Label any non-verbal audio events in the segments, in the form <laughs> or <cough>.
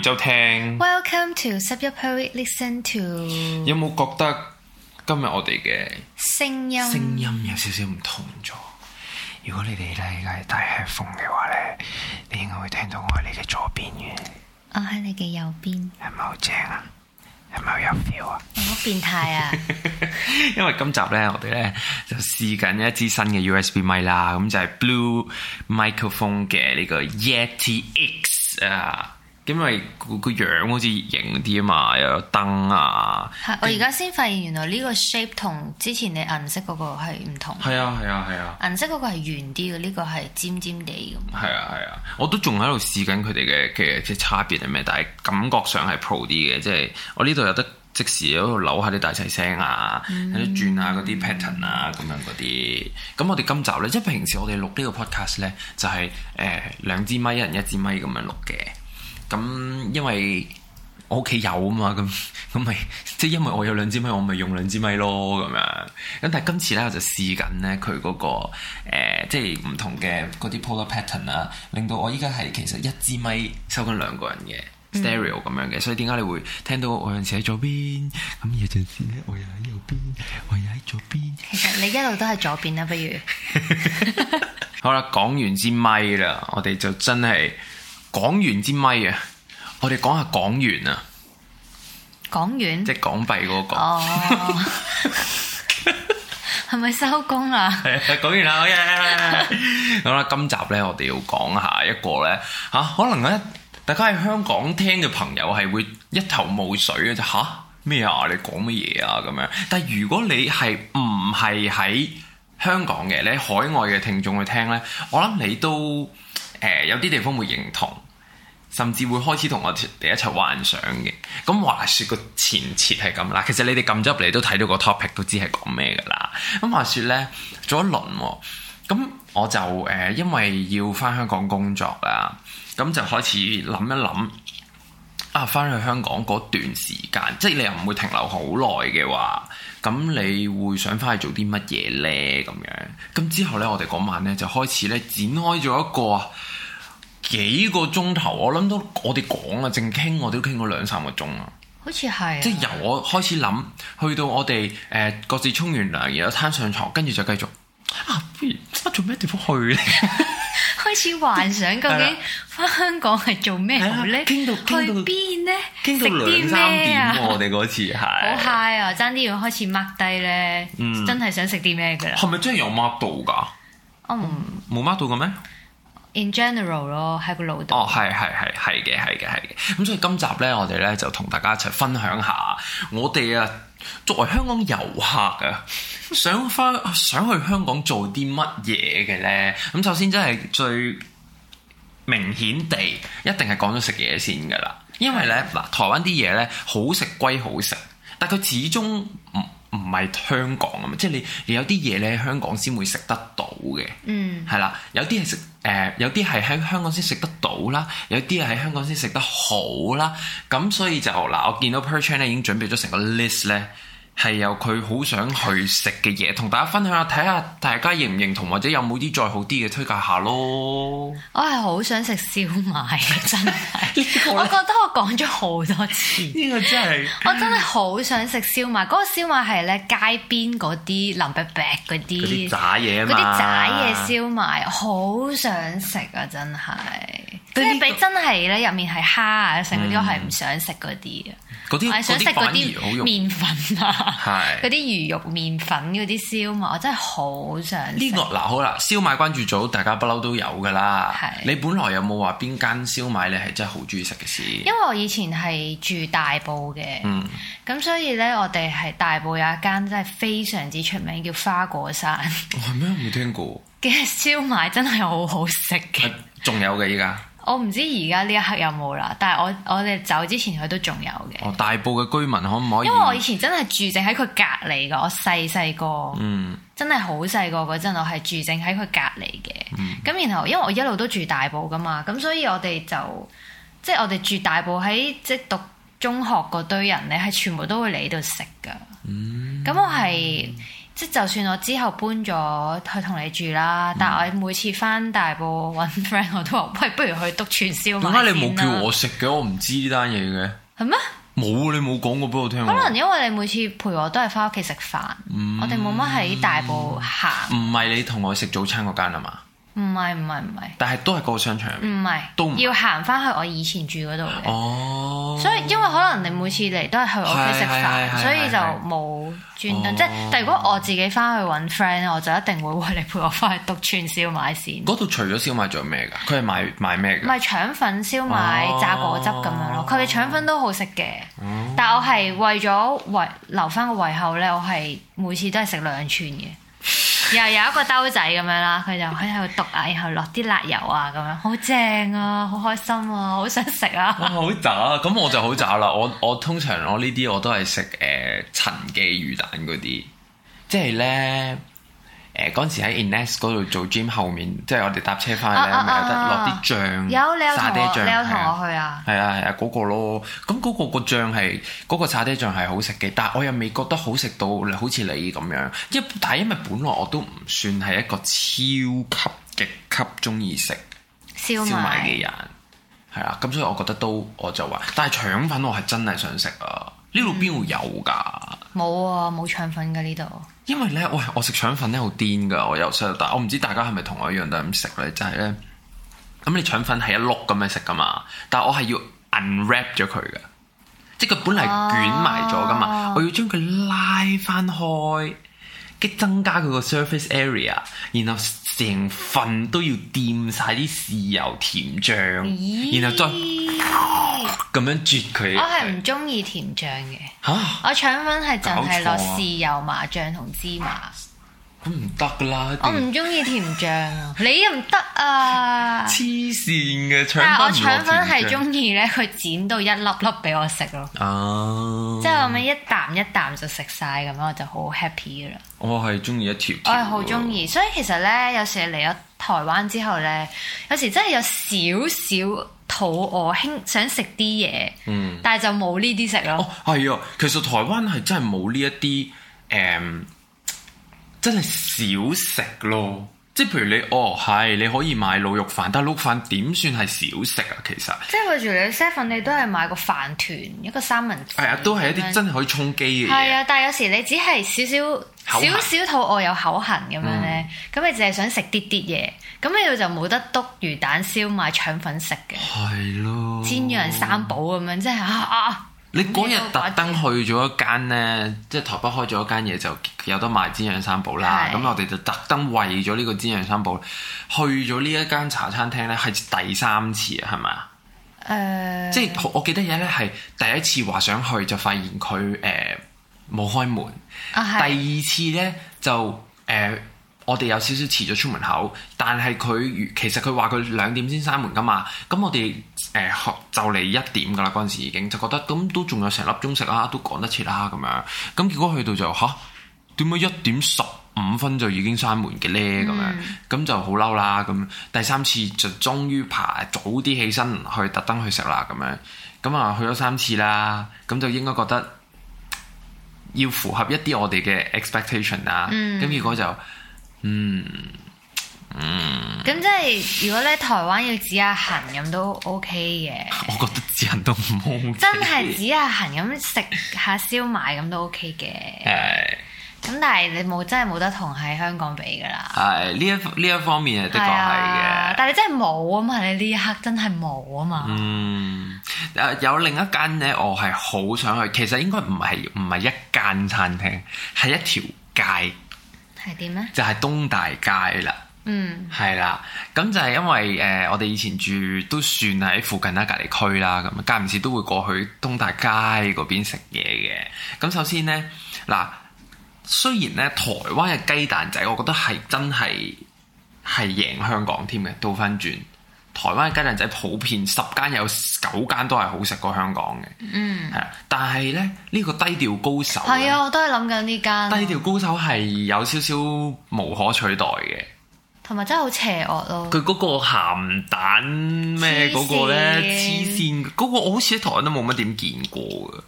就聽。Welcome to 拾壹每週聽，有冇覺得今日我哋嘅聲音聲音有少少唔同咗？如果你哋咧而家戴 headphone 嘅話咧，你應該會聽到我喺你嘅左邊嘅，我喺你嘅右邊係咪好正啊？係咪好有 feel 啊？我好變態啊！因為今集咧，我哋咧就試緊一支新嘅 USB mic 啦，咁就係 Blue Microphone 嘅呢個 Yeti X 啊。因為個個樣好似型啲啊嘛，又有燈啊。我而家先發現原來呢個 shape 同之前你銀色嗰個係唔同。係啊係啊係啊！銀色嗰個係圓啲嘅，呢個係尖尖地咁。係啊係啊！我都仲喺度試緊佢哋嘅嘅，即係差別係咩？但係感覺上係 pro 啲嘅，即係我呢度有得即時喺度扭下啲大細聲啊，喺度轉下嗰啲 pattern 啊咁樣嗰啲。咁我哋今集咧，即係平時我哋錄呢個 podcast 咧，就係誒兩支咪一人一支咪咁樣錄嘅。咁，因為我屋企有啊嘛，咁咁咪即係因為我有兩支咪，我咪用兩支咪咯咁樣。咁但係今次咧，我就試緊咧佢嗰個、呃、即係唔同嘅嗰啲 polar pattern 啊，令到我依家係其實一支咪收緊兩個人嘅 stereo 咁、嗯、樣嘅。所以點解你會聽到我有陣時喺左邊，咁有陣時咧我又喺右邊，我又喺左邊。其實你一路都係左邊啦、啊，不如。 <laughs> <laughs> 好啦，講完支咪啦，我哋就真係。港元支咪啊！我哋講下港元啊，港元即係港幣嗰個哦，係咪收工啊？講完啦，好嘢，好啦！今集咧，我哋要講下一個咧吓，可能咧，大家喺香港聽嘅朋友係會一頭霧水嘅，就吓，咩啊？你講乜嘢啊？咁樣，但係如果你係唔係喺香港嘅，你喺海外嘅聽眾去聽咧，我諗你都。誒有啲地方會認同，甚至會開始同我哋一齊幻想嘅。咁話說個前設係咁啦，其實你哋撳咗入嚟都睇到個 topic 都知係講咩㗎啦。咁話說呢，做一輪，咁我就誒、呃、因為要翻香港工作啦，咁就開始諗一諗啊，翻去香港嗰段時間，即係你又唔會停留好耐嘅話，咁你會想翻去做啲乜嘢呢？咁樣咁之後呢，我哋嗰晚呢，就開始呢，展開咗一個。幾個鐘頭，我諗到我哋講啊，正傾我哋都傾咗兩三個鐘啊，好似係，即係由我開始諗，去到我哋誒各自沖完涼，然後攤上床，跟住就繼續啊，不如我做咩地方去咧？ <laughs> 開始幻想究竟翻香港係做咩好咧？傾到去邊咧？傾到兩三點，我哋嗰次係好嗨啊，爭啲要開始 mark 低咧，嗯、真係想食啲咩嘅？啦、嗯？係咪真係有 mark 到噶？我唔冇 mark 到嘅咩？In general 咯，喺個腦度。哦，係，係，係，係嘅，係嘅，係嘅。咁所以今集咧，我哋咧就同大家一齊分享下，我哋啊，作為香港遊客啊，想翻想去香港做啲乜嘢嘅咧？咁首先真係最明顯地，一定係講咗食嘢先噶啦，因為咧嗱，台灣啲嘢咧好食歸好食，但佢始終唔。嗯唔係香港啊嘛，即係你，你有啲嘢咧香港先會食得到嘅，係啦、嗯，有啲係食，誒、呃、有啲係喺香港先食得到啦，有啲係喺香港先食得好啦，咁所以就嗱，我見到 Perchin 咧已經準備咗成個 list 咧。係有佢好想去食嘅嘢，同大家分享下，睇下大家認唔認同，或者有冇啲再好啲嘅推介下咯。我係好想食燒賣，真係。 <laughs> 呢個係我覺得我講咗好多次。呢個真係。 <laughs> 我真係好想食燒賣，嗰、嗰個燒賣係咧街邊嗰啲林伯伯嗰啲。嗰啲炸嘢啊嘛。嗰啲炸嘢燒賣，好想食啊！真係。即係俾真係咧入面係蝦啊食嗰啲，我係唔想食嗰啲啊。嗰啲嗰啲反而好用。麵粉啊～係嗰啲魚肉麵粉嗰啲燒賣，我真係好想食呢個。嗱，好啦，燒賣關注組，大家不嬲都有噶啦。係是你本來有冇話邊間燒賣你係真係好中意食嘅事？因為我以前係住大埔嘅，咁、嗯、所以咧我哋係大埔有一間真係非常之出名叫花果山、哦。咩？冇聽過嘅燒賣真係好好食嘅，仲、呃、有嘅依家。我唔知而家呢一刻有冇啦，但係我我哋走之前佢都仲有嘅。哦，大埔嘅居民可唔可以？因為我以前真係住正喺佢隔籬噶，我細細個，嗯，真係好細個嗰陣，我係住正喺佢隔籬嘅。咁然後因為我一路都住大埔噶嘛，咁所以我哋就即係、即係、我哋住大埔喺即係讀中學嗰堆人咧，係全部都會嚟呢度食噶。咁、嗯、我係。嗯即就算我之後搬咗去同你住啦，嗯、但我每次翻大埔揾 friend，我都話：喂，不如去篤串燒。點解你冇叫我食嘅？我唔知呢單嘢嘅。係咩？冇，你冇講過俾我聽。可能因為你每次陪我都係翻屋企食飯，嗯、我哋冇乜喺大埔行。唔係你同我食早餐嗰間啊嘛？唔係唔係唔係，但係都係個商場。唔係是，都要行翻去我以前住嗰度嘅。哦，oh. 所以因為可能你每次嚟都係去我屋企食飯， <music> 所以就冇專登。即係，但係如果我自己翻去揾 friend 我就一定會為你陪我翻去篤串燒，燒賣先。嗰度除咗燒賣仲有咩㗎？佢係賣賣咩㗎？咪腸粉、燒賣、oh. 炸果汁咁樣咯。佢嘅腸粉都好食嘅，oh. 但係我係為咗遺留翻個胃口。咧，我係每次都係食兩串嘅。又有一個兜仔咁樣啦，佢就喺度篤啊，然後落啲辣油啊，咁樣好正啊，好開心啊，好想食啊！好渣，咁我就好渣啦。 <laughs> 我我通常我呢啲我都係食誒陳記魚蛋嗰啲，即係咧。誒，嗰陣時喺 Innex 嗰度做 gym 後面，即係我哋搭車翻嚟咧，咪、啊啊、有得落啲醬，你有同我去啊沙爹醬係啊係啊嗰個咯。咁、那、嗰個個醬係，嗰、那個沙爹醬係好食嘅，但係我又未覺得好食到好似你咁樣。一但係因為本來我都唔算係一個超級極級中意食燒賣嘅人，係啦賣。咁所以我覺得都我就話，但係腸粉我係真係想食、嗯、啊！呢度邊會有噶？冇啊，冇腸粉噶呢度。因為咧，喂，我食腸粉咧好癲噶，我由細到大，但係我唔知大家係咪同我一樣都係咁食咧，就係、是、咧，咁你腸粉係一碌咁樣食噶嘛，但係我係要 unwrap 咗佢噶，即係佢本嚟捲埋咗噶嘛，啊、我要將佢拉翻開，跟增加佢個 surface area，然後。成份都要掂晒啲豉油甜醬，咦然後再咁咦樣啜佢。我係唔中意甜醬嘅，啊、我腸粉係淨係落豉油麻醬同芝麻。咁唔得噶啦！我唔中意甜醬啊，你又唔得啊！黐線嘅，但我腸粉係中意咧，佢剪到一粒粒俾我食咯。哦，oh，即係咁樣一啖一啖就食晒咁樣，我就好 happy 噶啦。我係中意一條，我係好中意。所以其實咧，有時嚟咗台灣之後咧，有時真係有少少肚餓，興想食啲嘢。嗯，但係就冇呢啲食咯。係啊、哦，其實台灣係真係冇呢一啲誒。嗯真係少食咯，嗯、即係譬如你，哦係，你可以買鹵肉飯，但係碌飯點算係少食啊？其實即係譬如你 Seven，你都係買個飯團、一個三文治，係啊，都係一啲真係可以充飢嘅嘢。係啊、哎，但係有時你只係少少癢少少肚餓有口痕咁樣咧，咁、嗯、你淨係想食啲啲嘢，咁你就冇得篤魚蛋燒賣腸粉食嘅。係咯，煎釀三寶咁樣，即係你嗰日特登去咗一間咧，嗯、即係台北開咗一間嘢就有得賣煎釀三寶啦。咁、嗯、我哋就特登為咗呢個煎釀三寶去咗呢一間茶餐廳咧，係第三次啊，係咪啊？誒、嗯，即係我記得有咧係第一次話想去就發現佢誒冇開門，哦、第二次咧就誒。呃我哋有少少遲咗出門口，但係佢其實佢話佢兩點先閂門噶嘛，咁我哋誒就嚟一點噶啦，嗰、呃、陣時已經就覺得咁都仲有成粒鐘食啊，都趕得切啦咁樣，咁結果去到就嚇點解一點十五分就已經閂門嘅咧？咁樣咁就好嬲啦咁。第三次就終於爬早啲起身去特登去食啦咁樣，咁啊去咗三次啦，咁就應該覺得要符合一啲我哋嘅 expectation 啦，咁結果就。嗯嗯，咁、嗯、即係如果咧台灣要指下行咁都 OK 嘅，我覺得指行都唔好， <laughs> 真係指下行咁食下燒賣咁都 OK 嘅。係，咁但係你冇真係冇得同喺香港比噶啦。係呢一呢一方面係的確係嘅，但係你真係冇啊嘛，你呢一刻真係冇啊嘛。嗯，誒有，有另一間咧，我係好想去，其實應該唔係唔係一間餐廳，係一條街。係點咧？就係東大街啦，嗯，係啦，咁就係因為誒、呃，我哋以前住都算喺附近啦，隔離區啦，咁間唔時都會過去東大街嗰邊食嘢嘅。咁首先咧，嗱，雖然咧台灣嘅雞蛋仔，我覺得係真係係贏香港添嘅，倒翻轉。台灣嘅雞蛋仔普遍十間有九間都係好食過香港嘅，嗯，係啊，但係咧呢個低調高手係啊、哎，我都係諗緊呢間。低調高手係有少少無可取代嘅，同埋真係好邪惡咯、啊。佢嗰個鹹蛋咩嗰個咧，黐線，嗰善、嗰個我好似喺台灣都冇乜點見過嘅。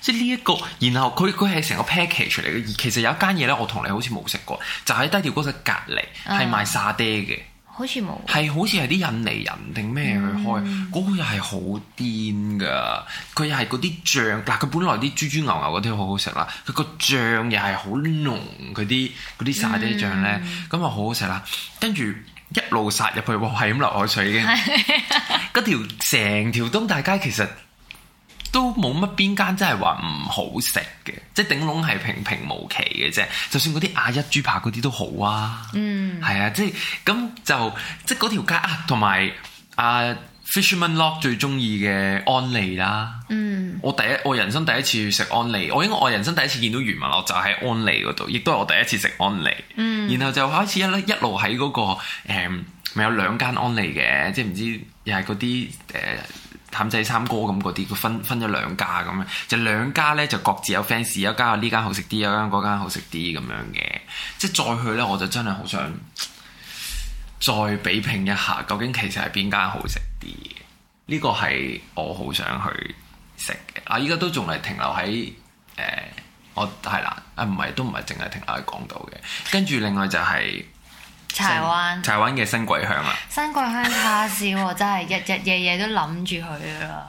即係呢一個，然後佢佢係成個 package 出嚟嘅。其實有一間嘢咧，我同你好似冇食過，就喺、是、低調高手隔離係賣沙爹嘅。嗯好似冇，係好似係啲印尼人定咩去開，嗰、嗯、個又係好癲噶，佢又係嗰啲醬，但佢本來啲豬豬牛牛嗰啲好好食啦，佢個醬又係好濃，嗰啲嗰啲沙爹醬咧，咁啊、嗯、好好食啦，跟住一路殺入去，哇係咁落海水嘅，嗰 <laughs> 條成條東大街其實。都冇乜邊間真係話唔好食嘅，即係頂籠係平平無奇嘅啫。就算嗰啲阿一豬扒嗰啲都好啊。嗯，係啊，即係咁就即係嗰條街啊，同埋阿、啊、Fisherman Lock 最中意嘅安利啦。嗯，我第一我人生第一次食安利，我應該我人生第一次見到漁文樂就喺安利嗰度，亦都係我第一次食安利。嗯、然後就開始一一路喺嗰個誒，咪、嗯、有兩間安利嘅，即係唔知又係嗰啲誒。呃譚仔三哥咁嗰啲，佢分分咗兩家咁樣，就兩、是、家呢，就各自有 fans，有一間啊呢間好食啲，有一間嗰間好食啲咁樣嘅，即係再去呢，我就真係好想再比拼一下，究竟其實係邊間好食啲？呢、這個係我好想去食嘅、啊呃。我依家都仲係停留喺誒，我係啦，啊唔係都唔係淨係停留喺港島嘅。跟住另外就係、是。柴灣，柴灣嘅新桂香啊！新桂香叉燒 <laughs> 真係日日夜夜都諗住佢啊！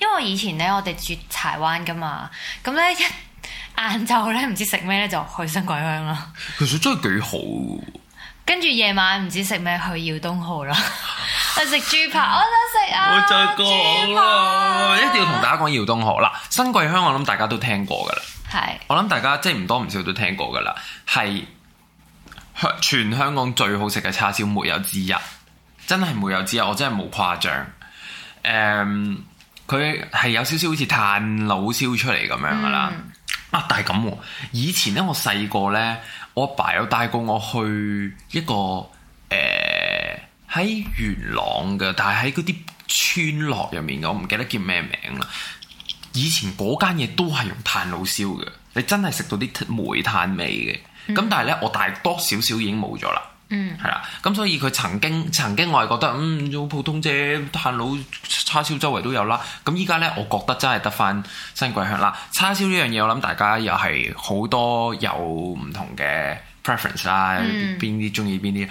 因為以前咧，我哋住柴灣噶嘛，咁咧一晏晝咧唔知食咩咧就去新桂香啦。其實真係幾好。跟住夜晚唔知食咩去耀東河啦，去食豬扒，我想食啊！我好豬扒、啊、我一定要同大家講耀東河啦，新桂香我諗大家都聽過噶啦，係是我諗大家即係唔多唔少都聽過噶啦，係。全香港最好食嘅叉燒，沒有之一，真係沒有之一，我真係冇誇張。誒、嗯，佢係有少少好似炭爐燒出嚟咁樣噶啦。嗯、啊，但係咁、啊，以前咧我細個咧，我阿爸，爸有帶過我去一個誒喺、呃、元朗嘅，但係喺嗰啲村落入面，我唔記得叫咩名啦。以前嗰間嘢都係用炭爐燒嘅。你真係食到啲煤炭味嘅，咁、嗯、但係咧，我大多少少已經冇咗啦，係啦、嗯，咁所以佢曾經曾經我係覺得嗯好普通啫，炭佬叉燒周圍都有啦，咁依家咧，我覺得真係得返新桂香啦。叉燒呢樣嘢，我諗大家又係好多有唔同嘅 preference 啦，邊啲中意邊啲，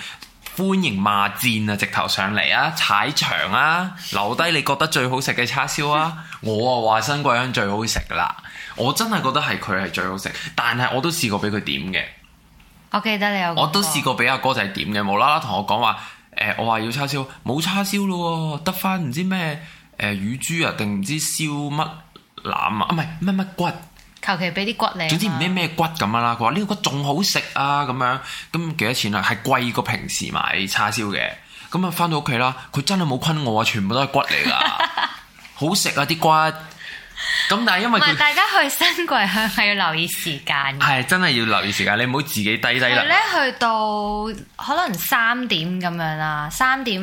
歡迎罵戰啊，直頭上嚟啊，踩場啊，留低你覺得最好食嘅叉燒啊，我啊話新桂香最好食㗎啦。我真係覺得係佢係最好食，但係我都試過俾佢點嘅。我記得你有我都試過俾阿哥、哥仔點嘅，無啦啦同我講話，誒、呃，我話要叉燒，冇叉燒咯，得翻唔知咩誒乳豬啊，定唔知燒乜腩啊，唔係乜乜骨，求其俾啲骨你，啊。總之唔咩咩骨咁樣啦。佢話呢個骨仲好食啊，咁樣咁幾多錢啊？係貴過平時買叉燒嘅。咁啊，翻到屋企啦，佢真係冇昆我啊，全部都係骨嚟噶， <laughs> 好食啊啲骨。咁但係因為唔係，大家去新季係咪要留意時間？係真係要留意時間，你唔好自己低低啦。係咧，去到可能三點咁樣啦，三點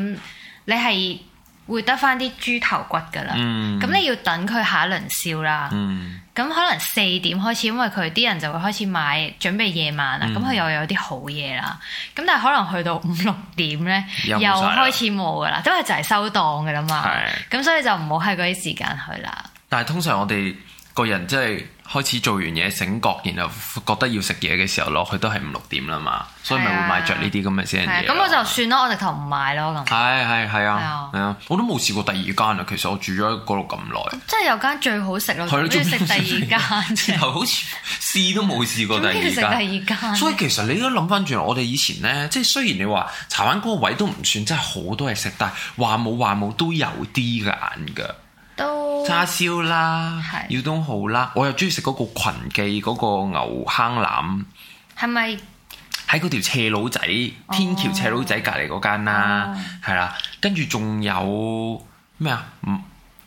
你係會得翻啲豬頭骨噶啦。嗯，咁你要等佢下一輪燒啦。咁、嗯、可能四點開始，因為佢啲人就會開始買，準備夜晚啦。咁佢、嗯、又有啲好嘢啦。咁但係可能去到五六點咧，呢又，又開始冇噶啦，因為就係收檔噶啦嘛。係的，咁所以就唔好喺嗰啲時間去啦。但係通常我哋個人即係開始做完嘢醒覺，然後覺得要食嘢嘅時候，落去都係五六點啦嘛，所以咪會買着呢啲咁嘅先嘢。咁我就算啦，我直頭唔買咯咁。係係係啊！係啊的！我都冇試過第二間啊，其實我住咗嗰度咁耐。即係有間最好食咯，去食第二間啫。直 <laughs> 好似試都冇試過第二間。第二間所以其實你都諗翻轉，我哋以前咧，即係雖然你話查灣嗰個位都唔算真係好多嘢食，但係話冇話冇都有啲嘅眼㗎。叉燒 Hello? 啦，耀是東好啦，我又中意食嗰個群記嗰、那個牛坑腩，係咪喺嗰條斜路仔天橋斜路仔隔籬嗰間啦？係、oh. 啦，跟住仲有咩啊？唔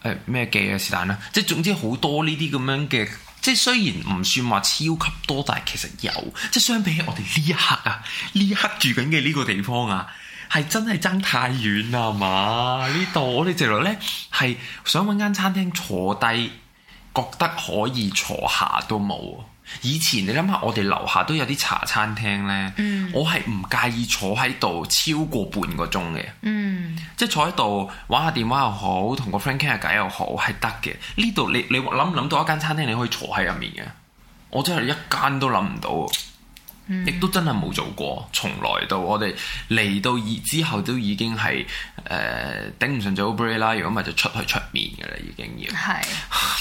誒咩記啊？是但啦，即、欸、係總之好多呢啲咁樣嘅，即係雖然唔算話超級多，但係其實有，即係相比起我哋呢一刻啊，呢一刻住緊嘅呢個地方啊。係真係爭太遠啦嘛！呢度我哋直落咧，係想揾間餐廳坐低，覺得可以坐下都冇。以前你諗下，我哋樓下都有啲茶餐廳咧，嗯、我係唔介意坐喺度超過半個鐘嘅。嗯，即係坐喺度玩下電話又好，同個 friend 傾下偈又好，係得嘅。呢度你你諗唔諗到一間餐廳你可以坐喺入面嘅？我真係一間都諗唔到。亦、嗯、都真係冇做過，從來到我哋嚟到之後都已經係誒、呃、頂唔順做 Uber 啦，如果唔係就出去出面嘅啦，已經要係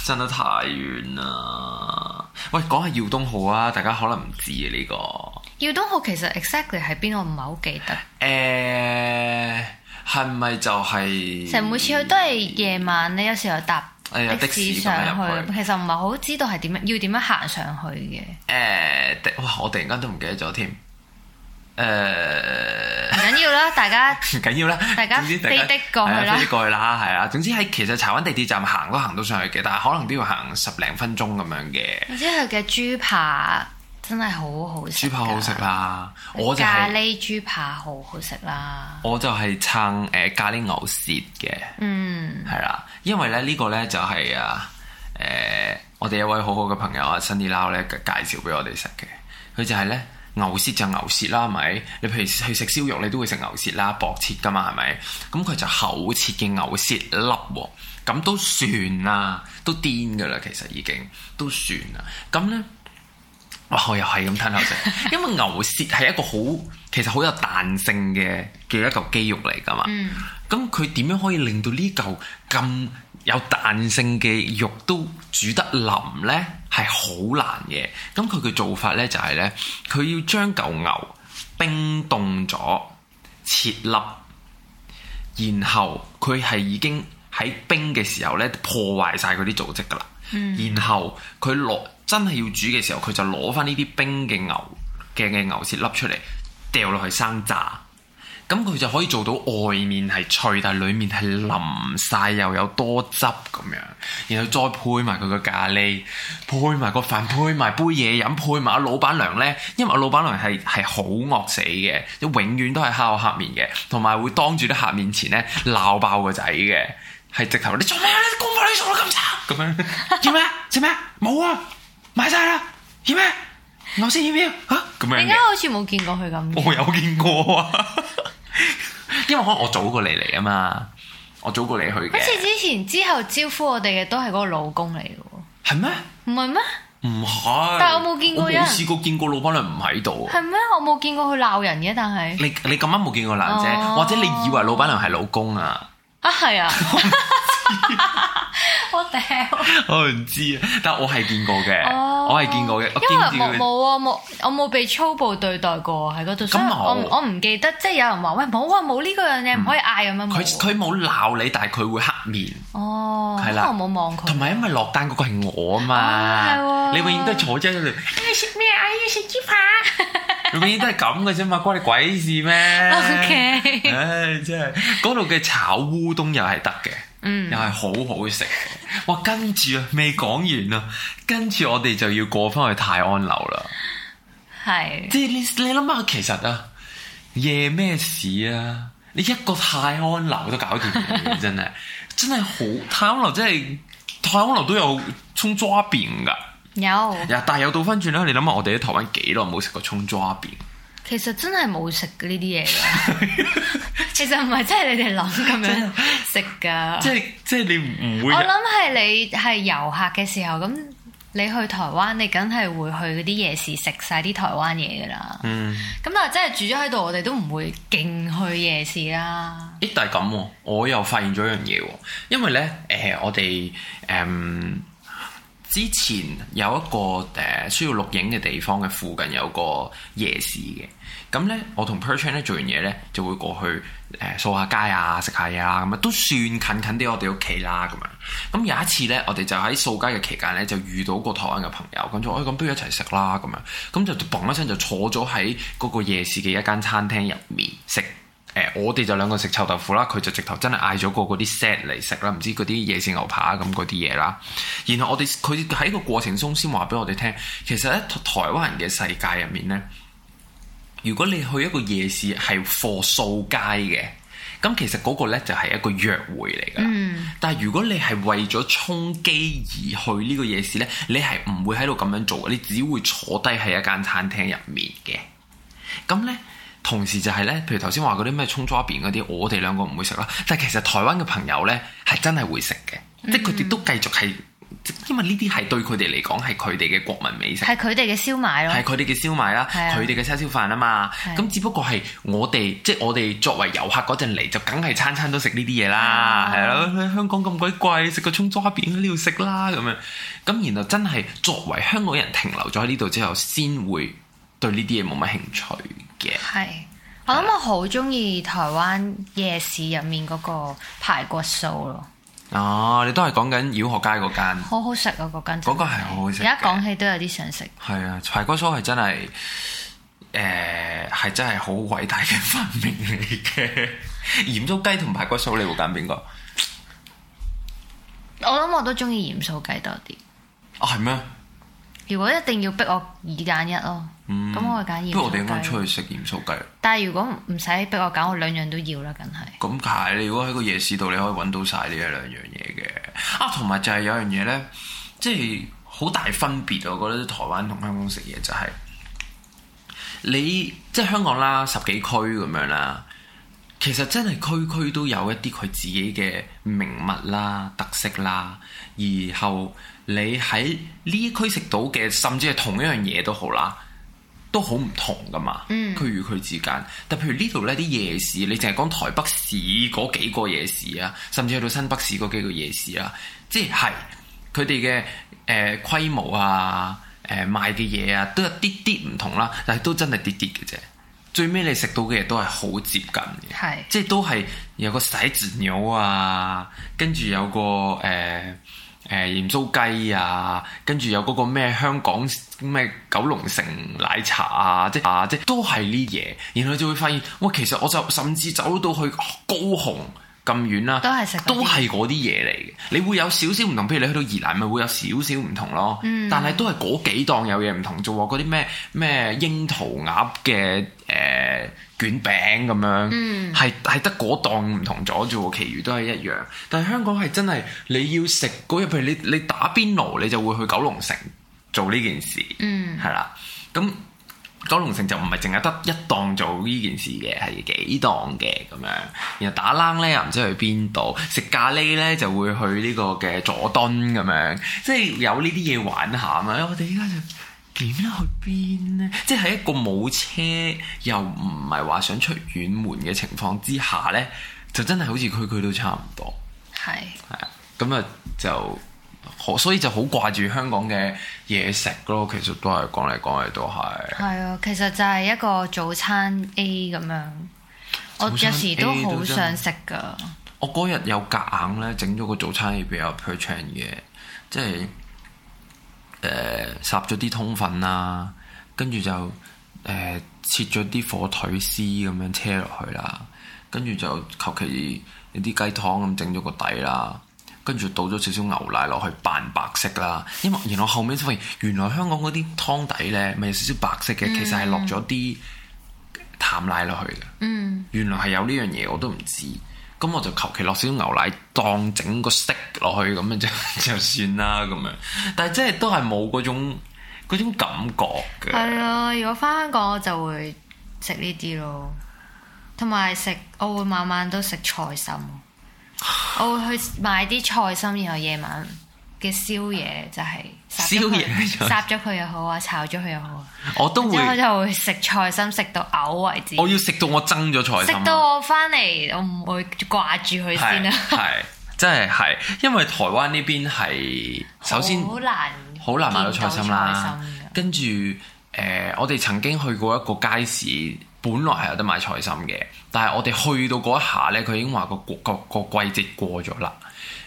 真是 得太遠啦。喂，講下耀東浩啊，大家可能唔知啊。呢個耀東浩其實 exactly 係邊個唔係好記得誒，係咪、欸、就係成日每次去都係夜晚咧，的你有時候有搭。哎、的士上去，其實唔係好知道係點樣，要點樣行上去嘅。誒、呃，哇、呃！我突然間都唔記得咗添。誒，唔緊要啦，大家唔緊要啦，大家飛的過去啦、 <laughs> 哎，飛的過去啦，係啊。總之喺其實柴灣地鐵站行都行到上去嘅，但係可能都要行十零分鐘咁樣嘅。而且佢嘅豬扒，真係好好食！豬扒好食啦，我就係咖喱豬扒好好食啦。我就係撐誒咖喱牛舌嘅，嗯，係啦。因為咧呢個咧就係啊誒，我哋一位好好嘅朋友阿新啲佬咧介紹俾我哋食嘅。佢就係咧牛舌就牛舌啦，係咪？你譬如去食燒肉，你都會食牛舌啦，薄切㗎嘛，係咪？咁佢就厚切嘅牛舌粒，咁都算啦，都癲㗎啦，其實已經都算啦。咁咧。哇！又係咁吞口水，因為牛舌係一個好，其實好有彈性嘅嘅一嚿肌肉嚟噶嘛。咁佢點樣可以令到呢嚿咁有彈性嘅肉都煮得腍呢？係好難嘅。咁佢嘅做法呢、就係，就係呢，佢要將嚿牛冰凍咗，切粒，然後佢係已經喺冰嘅時候呢，破壞晒嗰啲組織噶啦。 <laughs> 然後佢落。真係要煮嘅時候，佢就攞返呢啲冰嘅牛嘅嘅牛舌粒出嚟，掉落去生炸，咁佢就可以做到外面係脆，但係裏面係腍晒又有多汁咁樣，然後再配埋佢個咖喱，配埋個飯，配埋杯嘢飲，配埋阿老闆娘呢。因為阿老闆娘係係好惡死嘅，永遠都係黑口黑面嘅，同埋會當住啲客面前咧鬧爆個仔嘅，係直頭 <laughs> 你做咩啊？你功課你做到咁差？咁樣要咩？做咩？冇啊！買晒啦，要咩？頭先要咩？吓，咁、啊、樣點解好似冇見過佢咁？我有見過啊， <laughs> 因為可能我早過你嚟啊嘛，我早過你去。好似之前之後招呼我哋嘅都係嗰個老公嚟嘅嗎。係咩？唔係咩？唔係。但係我冇見過,過人。我冇試過見過老闆娘唔喺度。係咩？我冇見過佢鬧人嘅，但係。你你咁啱冇見過男仔，哦、或者你以為老闆娘係老公啊？啊係啊。 <laughs> <laughs> 我我唔知啊，但係我係見過嘅，我係見過嘅。因為冇冇啊，冇我冇被粗暴對待過喺嗰度，所以我我唔記得。即係有人話喂，冇啊，冇呢個樣嘢唔可以嗌咁樣。佢佢冇鬧你，但係佢會黑面。哦，係啦，冇望佢。同埋因為落單嗰個係我嘛，係喎。你永遠都坐喺度，嗌食咩？嗌要食豬扒。永遠都係咁嘅啫嘛，關你鬼事咩？O K，唉，真係嗰度嘅炒烏冬又係得嘅。嗯，又係好好食，哇！跟住啊，未講完啊，跟住我哋就要過翻去泰安樓啦。係是，即係你你諗下，其實啊，夜咩事啊？你一個泰安樓都搞掂 <laughs> 真係真係好。泰安樓真係，泰安樓都有蔥抓餅噶，有，呀，但係又倒翻轉啦。你諗下，我哋喺台灣幾耐冇食過蔥抓餅？其實真係冇食呢啲嘢，其實唔係真係你哋諗咁樣食噶。 <laughs> 即係即係你唔會我你。我諗係你係遊客嘅時候，咁你去台灣，你梗係會去嗰啲夜市食晒啲台灣嘢噶啦。咁、嗯、但係即係住咗喺度，我哋都唔會勁去夜市啦。咦？但係咁、啊，我又發現咗一樣嘢，因為咧，誒、呃，我哋誒。呃之前有一個誒、呃、需要錄影嘅地方嘅附近有個夜市嘅，咁呢，我同 Perchun 呢做完嘢呢，就會過去誒、呃、掃下街啊，食下嘢啦、啊，咁啊都算近近啲我哋屋企啦，咁樣。咁有一次呢，我哋就喺掃街嘅期間呢，就遇到個台灣嘅朋友，咁就哎咁不如一齊食啦，咁樣，咁就嘣一聲就坐咗喺嗰個夜市嘅一間餐廳入面食。誒、呃，我哋就兩個食臭豆腐啦，佢就直頭真係嗌咗個嗰啲 set 嚟食啦，唔知嗰啲夜市牛扒咁嗰啲嘢啦。然後我哋佢喺個過程中先話俾我哋聽，其實喺台灣人嘅世界入面呢，如果你去一個夜市係貨掃街嘅，咁其實嗰個呢就係、是、一個約會嚟噶。嗯、但係如果你係為咗充飢而去呢個夜市呢，你係唔會喺度咁樣做，你只會坐低喺一間餐廳入面嘅。咁呢。同時就係、是、咧，譬如頭先話嗰啲咩葱抓餅嗰啲，我哋兩個唔會食啦。但係其實台灣嘅朋友咧，係真係會食嘅，嗯、即係佢哋都繼續係，因為呢啲係對佢哋嚟講係佢哋嘅國民美食，係佢哋嘅燒賣咯，係佢哋嘅燒賣啦，佢哋嘅叉燒飯啊嘛。咁是的 只不過係我哋，即、就、係、是、我哋作為遊客嗰陣嚟，就梗係餐餐都食呢啲嘢啦，係咯的、啊。香港咁鬼貴，食個葱抓餅都要食啦咁樣。咁然後真係作為香港人停留咗喺呢度之後，先會。對呢啲嘢冇乜興趣嘅。係，我諗我好中意台灣夜市入面嗰個排骨酥咯。啊，你都係講緊饒河街嗰間。好好食啊！嗰間。嗰個係好好食。而家講起都有啲想食。係啊，排骨酥、呃、 <laughs> 酥係真係，誒，係真係好偉大嘅發明嚟嘅。鹽酥雞同排骨酥，你會揀邊個？我諗我都中意鹽酥雞多啲。啊，係咩？如果一定要逼我二揀一咯，咁、嗯、我揀鹽酥雞。不如我哋應該出去食鹽酥雞。但係如果唔使逼我揀，我兩樣都要啦，梗係。咁係，你如果喺個夜市度，你可以揾到晒呢一兩樣嘢嘅。啊，同埋就係有樣嘢咧，即係好大分別，我覺得台灣同香港食嘢就係、是，你即係香港啦，十幾區咁樣啦。其實真係區區都有一啲佢自己嘅名物啦、特色啦，然後你喺呢一區食到嘅，甚至係同一樣嘢都好啦，都好唔同㗎嘛。嗯，區與區之間，但譬如呢度呢啲夜市，你淨係講台北市嗰幾個夜市啊，甚至去到新北市嗰幾個夜市啊，即係佢哋嘅誒規模啊、誒、呃、賣嘅嘢啊，都有啲啲唔同啦，但係都真係啲啲嘅啫。最尾你食到嘅嘢都係好接近嘅。是即係都係有個洗字鳥啊，跟住有個誒誒、呃呃、鹽酥雞啊，跟住有嗰個咩香港咩九龍城奶茶啊，即係啊即都係呢嘢。然後你就會發現我其實我就甚至走到去高雄。咁遠啦，都係食，都係嗰啲嘢嚟嘅。你會有少少唔同，譬如你去到宜蘭，咪會有少少唔同咯。嗯、但係都係嗰幾檔有嘢唔同做，嗰啲咩咩櫻桃鴨嘅誒、呃、捲餅咁樣，係係得嗰檔唔同咗做，其餘都係一樣。但係香港係真係你要食嗰日，譬如你你打邊爐，你就會去九龍城做呢件事。嗯，係啦，咁。九龍城就唔係淨係得一檔做呢件事嘅，係幾檔嘅咁樣。然後打冷咧又唔知去邊度，食咖喱咧就會去呢個嘅佐敦咁樣，即係有呢啲嘢玩下啊嘛。我哋依家就點樣去邊呢？即係喺一個冇車又唔係話想出遠門嘅情況之下呢，就真係好似區區都差唔多。係係啊，咁啊就。好，所以就好掛住香港嘅嘢食咯。其實都係講嚟講嚟都係。係啊，其實就係一個早餐 A 咁樣，餐我有時都好想食㗎。我嗰日有夾硬咧，整咗個早餐係比較 perfect 嘅，即係誒，撒咗啲通粉啦，跟住就誒、呃、切咗啲火腿絲咁樣車落去啦，跟住就求其一啲雞湯咁整咗個底啦。跟住倒咗少少牛奶落去，扮白色啦。因為原來後面先發現，原來香港嗰啲湯底咧，咪有少少白色嘅，嗯、其實係落咗啲淡奶落去嘅。嗯，原來係有呢樣嘢，我都唔知。咁我就求其落少少牛奶當整個色落去咁樣啫，就算啦咁樣。但係即係都係冇嗰種嗰種感覺嘅。係啊，如果翻香港我就會食呢啲咯，同埋食，我會晚晚都食菜心。我會去買啲菜心，然後夜晚嘅宵夜就係，宵夜，殺咗佢又好啊，炒咗佢又好啊，我都會我就會食菜心食到嘔為止。我要食到我憎咗菜心啊，食到我翻嚟，我唔會掛住佢先啦，啊。係，真係係，因為台灣呢邊係首先好難，好難買到菜心啦。心跟住誒，呃，我哋曾經去過一個街市。本來係有得買菜心嘅，但係我哋去到嗰一下呢，佢已經話、嗰個、嗰個季節過咗啦，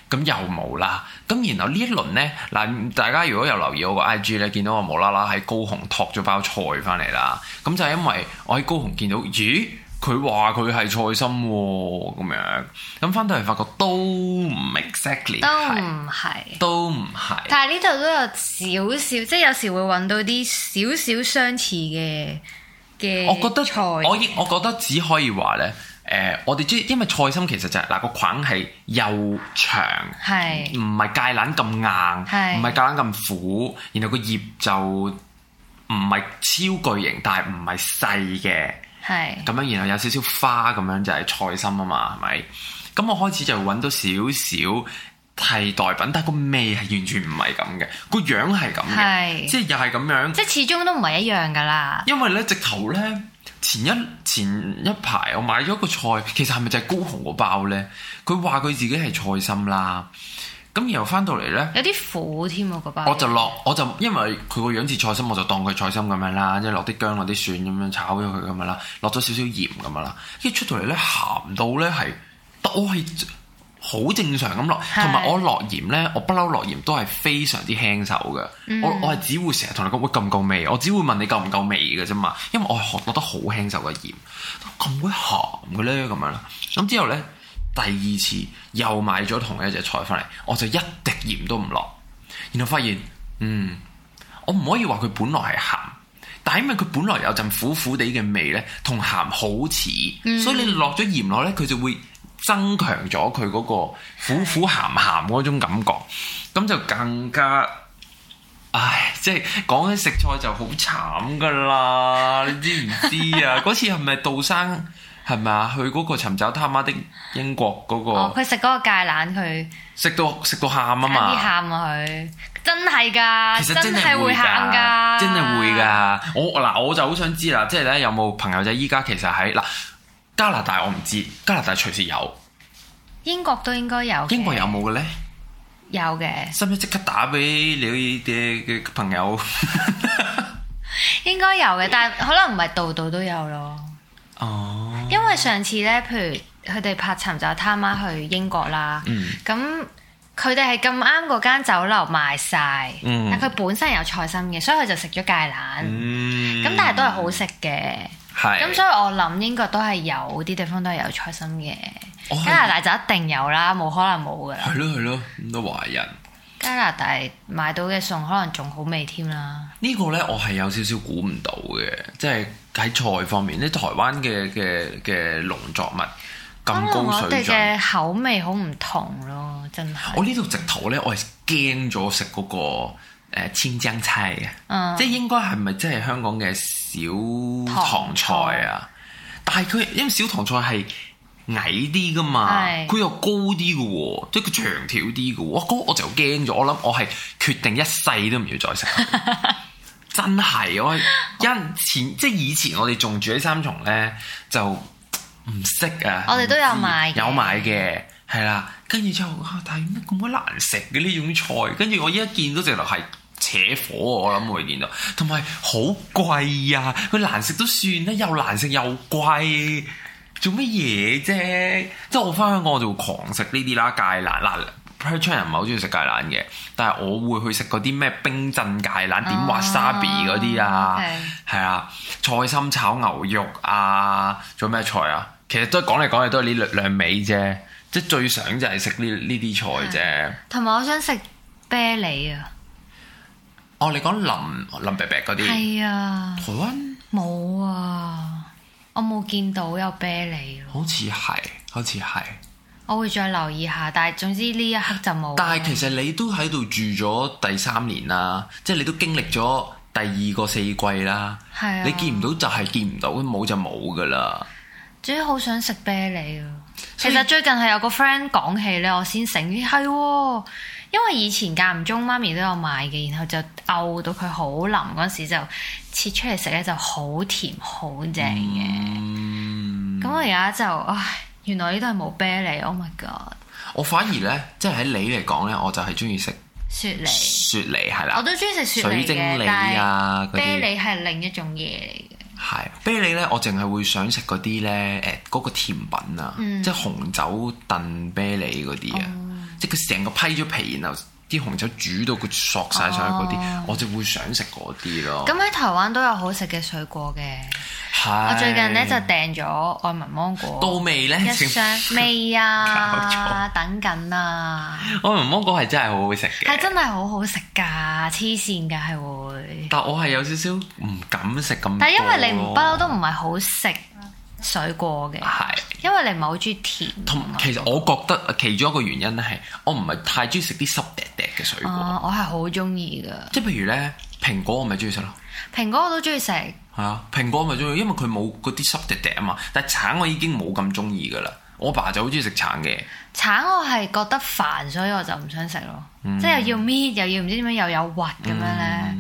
咁又冇啦。咁然後呢一輪呢，嗱大家如果有留意我個 IG 呢，見到我無啦啦喺高雄托咗包菜翻嚟啦。咁就係因為我喺高雄見到，咦佢話佢係菜心喎、咁樣，咁翻到嚟發覺都唔 exactly，都唔係，都唔係。但係呢度都有少少，即係有時會揾到啲少少相似嘅。的菜我覺得，菜 我我覺得只可以話咧，誒、呃，我哋知，因為菜心其實就係、是、嗱，個、呃、框係又長，係唔係芥蘭咁硬，係唔係芥蘭咁苦，然後個葉就唔係超巨型，但係唔係細嘅，係咁是 樣，然後有少少花咁樣就係菜心啊嘛，係咪？咁我開始就揾到少少。替代品，但係個味係完全唔係咁嘅，個樣係咁嘅，是即係又係咁樣，即係始終都唔係一樣噶啦。因為咧，直頭咧，前一前一排我買咗個菜，其實係咪就係高雄嗰包咧？佢話佢自己係菜心啦，咁然後翻到嚟咧，有啲苦添啊個包。我就落，我就因為佢個樣似菜心，我就當佢菜心咁樣啦，即係落啲薑、落啲蒜咁樣炒咗佢咁樣啦，落咗少少鹽咁樣啦，一出到嚟咧鹹到咧係，但係我係。好正常咁落，同埋我落鹽呢，我不嬲落鹽都係非常之輕手嘅、嗯。我我係只會成日同你講，喂咁夠，夠味，我只會問你夠唔夠味嘅啫嘛。因為我學落得好輕手嘅鹽，咁會鹹嘅呢。咁樣啦。咁之後呢，第二次又買咗同一隻菜翻嚟，我就一滴鹽都唔落，然後發現，嗯，我唔可以話佢本來係鹹，但係因為佢本來有陣苦苦地嘅味呢，同鹹好似，所以你落咗鹽落呢，佢就會。嗯增強咗佢嗰個苦苦鹹鹹嗰種感覺，咁就更加，唉，即係講起食菜就好慘噶啦，你知唔知啊？嗰 <laughs> 次係咪杜生係咪啊？去嗰個尋找他媽的英國嗰個，佢食嗰個芥蘭，佢食到食到喊啊嘛，跟住喊啊佢，真係噶，其實真係會喊噶，真係會噶。我嗱我就好想知啦，即係咧有冇朋友仔依家其實喺嗱。加拿大我唔知，加拿大隨時有。英國都應該有，英國有冇嘅咧？有嘅的。使唔使即刻打俾你啲嘅朋友？ <laughs> 應該有嘅，但係可能唔係度度都有咯。哦。因為上次咧，譬如佢哋拍尋找他媽去英國啦，咁佢哋係咁啱嗰間酒樓賣晒，嗯、但佢本身有菜心嘅，所以佢就食咗芥蘭。嗯。咁但係都係好食嘅。係，咁是、嗯、所以我諗英國都係有啲地方都係有菜心嘅。是加拿大就一定有啦，冇可能冇噶。係咯係咯，咁多華人，加拿大買到嘅餸，可能仲好味添啦。呢個呢，我係有少少估唔到嘅，即係喺菜方面，呢台灣嘅嘅嘅農作物咁高水準，口味好唔同咯，真係。我呢度直頭呢，我係驚咗食嗰個。誒千張差，嘅、嗯，即係應該係咪即係香港嘅小棠菜啊？堂但係佢因為小棠菜係矮啲㗎嘛，佢是又高啲嘅喎，即係佢長條啲嘅喎，咁我就驚咗，我諗我係決定一世都唔要再食。 <laughs> 真係我因前即係以前我哋仲住喺三重咧，就唔識啊！我哋都有買，有買嘅。係啦，跟住之後嚇，但係咁鬼難食嘅呢種菜，跟住我一見到直頭係扯火，我諗我見到，同埋好貴啊！佢難食都算啦，又難食又貴，做乜嘢啫？即係我翻香港我就狂食呢啲啦，芥蘭嗱，香港人唔係好中意食芥蘭嘅，但係我會去食嗰啲咩冰鎮芥蘭、點滑沙比嗰啲啊，係啊、okay.，菜心炒牛肉啊，做咩菜啊？其實都係講嚟講嚟都係呢兩兩味啫。即最想就係食呢呢啲菜啫，同埋我想食啤梨啊！哦，你講林林伯伯嗰啲？係啊，台灣？冇啊，我冇見到有啤梨咯，好似係，好似係，我會再留意下。但係總之呢一刻就冇。但係其實你都喺度住咗第三年啦，即係你都經歷咗第二個四季啦。係啊，你見唔到就係見唔到，冇就冇噶啦。主要好想食啤梨啊！其實最近係有個 friend 講起咧，我先醒，係、哎，因為以前間唔中媽咪都有買嘅，然後就漚到佢好腍嗰時就切出嚟食咧就好甜好正嘅，咁、嗯、我而家就，唉，原來呢都係冇啤梨，Oh my god！我反而咧，即係喺你嚟講咧，我就係中意食雪梨，雪梨係啦，我都中意食雪梨水晶梨啊，啤梨係另一種嘢嚟。係、啊，啤梨咧，我淨係會想食嗰啲咧，誒、欸、嗰、嗰個甜品啊，嗯、即係紅酒燉啤梨嗰啲啊，嗯、即係佢成個批咗皮然後，啲紅酒煮到佢索晒上去嗰啲，oh。我就會想食嗰啲咯。咁喺台灣都有好食嘅水果嘅，是我最近咧就訂咗愛文芒果。到未咧？一箱未啊，錯等緊啊！愛文芒果係真係好真好食嘅，係真係好好食㗎，黐線㗎，係會。但我係有少少唔敢食咁。但因為你唔包都唔係好食。水果嘅，係是，因為你唔係好中意甜。同其實我覺得其中一個原因咧係，我唔係太中意食啲濕滴滴嘅水果。啊、我係好中意噶。即係譬如咧，蘋果我咪中意食咯。蘋果我都中意食。係啊，蘋果我咪中意，因為佢冇嗰啲濕滴滴啊嘛。但係橙我已經冇咁中意噶啦。我爸就好中意食橙嘅。橙我係覺得煩，所以我就唔想食咯。嗯、即係又要搣，又要唔知點樣，又有核咁樣咧。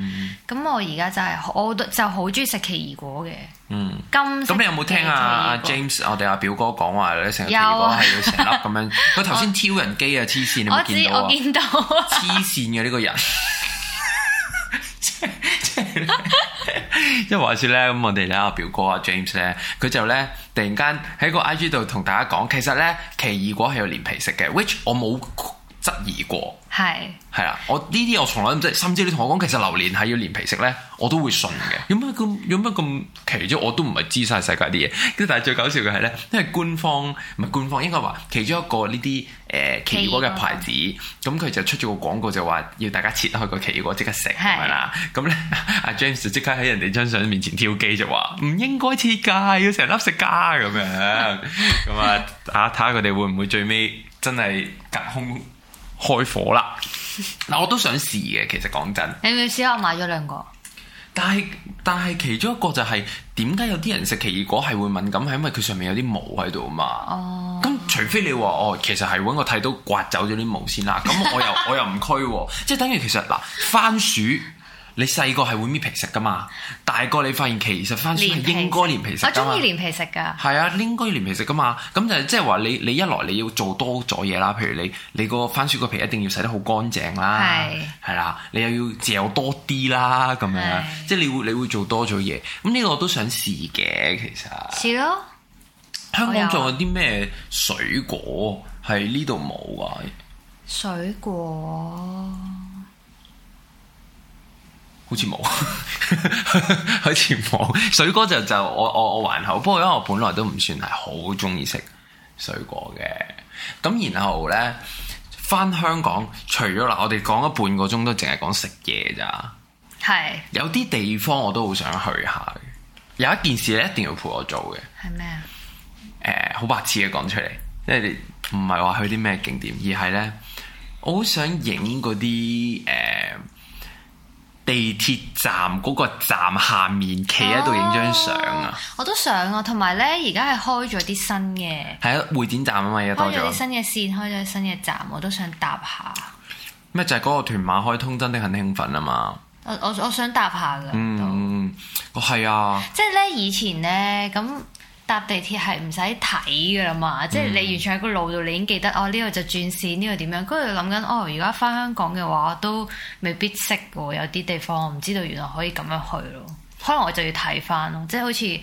咁、嗯、我而家就係、是，我都就好中意食奇異果嘅。嗯，咁咁、這個，你有冇聽 James，啊阿 James 我哋阿表哥講話咧？成日奇異果係要成粒咁樣，佢頭先挑人機啊，黐線我你冇知見，到見到啊，啊？黐線嘅呢個人，即即即係話說咧，咁我哋咧阿表哥阿 James 咧，佢就咧突然間喺個 IG 度同大家講，其實咧奇異果係有連皮食嘅，which 我冇。質疑過係係啦，我呢啲我從來都唔知，甚至你同我講，其實榴蓮係要連皮食咧，我都會信嘅。有乜咁有乜咁奇啫？我都唔係知晒世界啲嘢。跟住但係最搞笑嘅係咧，因為官方唔係官方，應該話其中一個呢啲誒奇異果嘅牌子，咁佢就出咗個廣告，就話要大家切開個奇異果即刻食，係咪啦？咁咧阿 James 就即刻喺人哋張相面前挑機，就話唔應該切噶，要成粒食噶咁樣咁 <laughs> 啊，啊睇下佢哋會唔會最尾真係隔空。開火啦！嗱，我都想試嘅，其實講 <laughs> 真。你咪試下買咗兩個。但係但係其中一個就係、是，點解有啲人食奇異果係會敏感？係因為佢上面有啲毛喺度嘛。哦。咁除非你話哦，其實係搵個剃刀刮走咗啲毛先啦。咁我又我又唔區、啊， <laughs> 即係等於其實嗱，番薯。你細個係會搣皮食噶嘛？大個你發現其實番薯係應該連皮食。我中意連皮食噶。係啊，應該連皮食噶嘛。咁就即係話你你一來你要做多咗嘢啦，譬如你你個番薯個皮一定要洗得好乾淨啦，係啦是係啊，你又要嚼多啲啦咁是樣，即係你會你會做多咗嘢。咁呢個我都想試嘅，其實。試咯。香港仲有啲咩水果係呢度冇啊？水果。有好似冇， <laughs> 好似冇。水果就就我我我還好，不過因為我本來都唔算係好中意食水果嘅。咁然後咧，翻香港除咗嗱，我哋講咗半個鐘都淨係講食嘢咋。係是，有啲地方我都好想去下。有一件事咧，一定要陪我做嘅。係咩啊？誒，好、呃、白痴嘅，講出嚟，即係你唔係話去啲咩景點，而係咧，我好想影嗰啲誒。呃地鐵站嗰、那個站下面企喺度影張相啊！我都想啊，同埋咧，而家係開咗啲新嘅，係啊，會展站啊嘛，而家多咗新嘅綫，開咗新嘅站，我都想搭下。咩就係嗰個屯馬開通，真的很興奮啊嘛！我我我想搭下噶，嗯，我係都、哦、啊，即係咧以前咧咁。搭地鐵係唔使睇噶啦嘛，嗯、即係你完全喺個路度，你已經記得哦呢個就轉線，呢個點樣。跟住諗緊哦，而家翻香港嘅話都未必識喎，有啲地方我唔知道原來可以咁樣去咯。可能我就要睇翻咯，即係好似